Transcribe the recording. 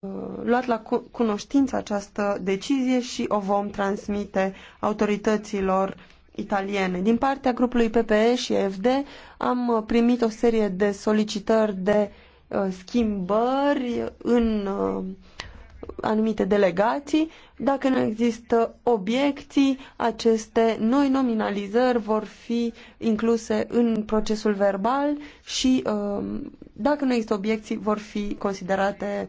Uh, luat la cunoștință această decizie și o vom transmite autorităților italiene. Din partea grupului PPE și FD am primit o serie de solicitări de uh, schimbări în uh, anumite delegații. Dacă nu există obiecții, aceste noi nominalizări vor fi incluse în procesul verbal și dacă nu există obiecții, vor fi considerate